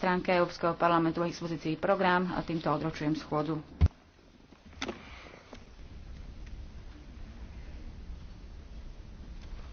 stránke Európskeho parlamentu a dispozícii program a týmto odročujem schôdzu.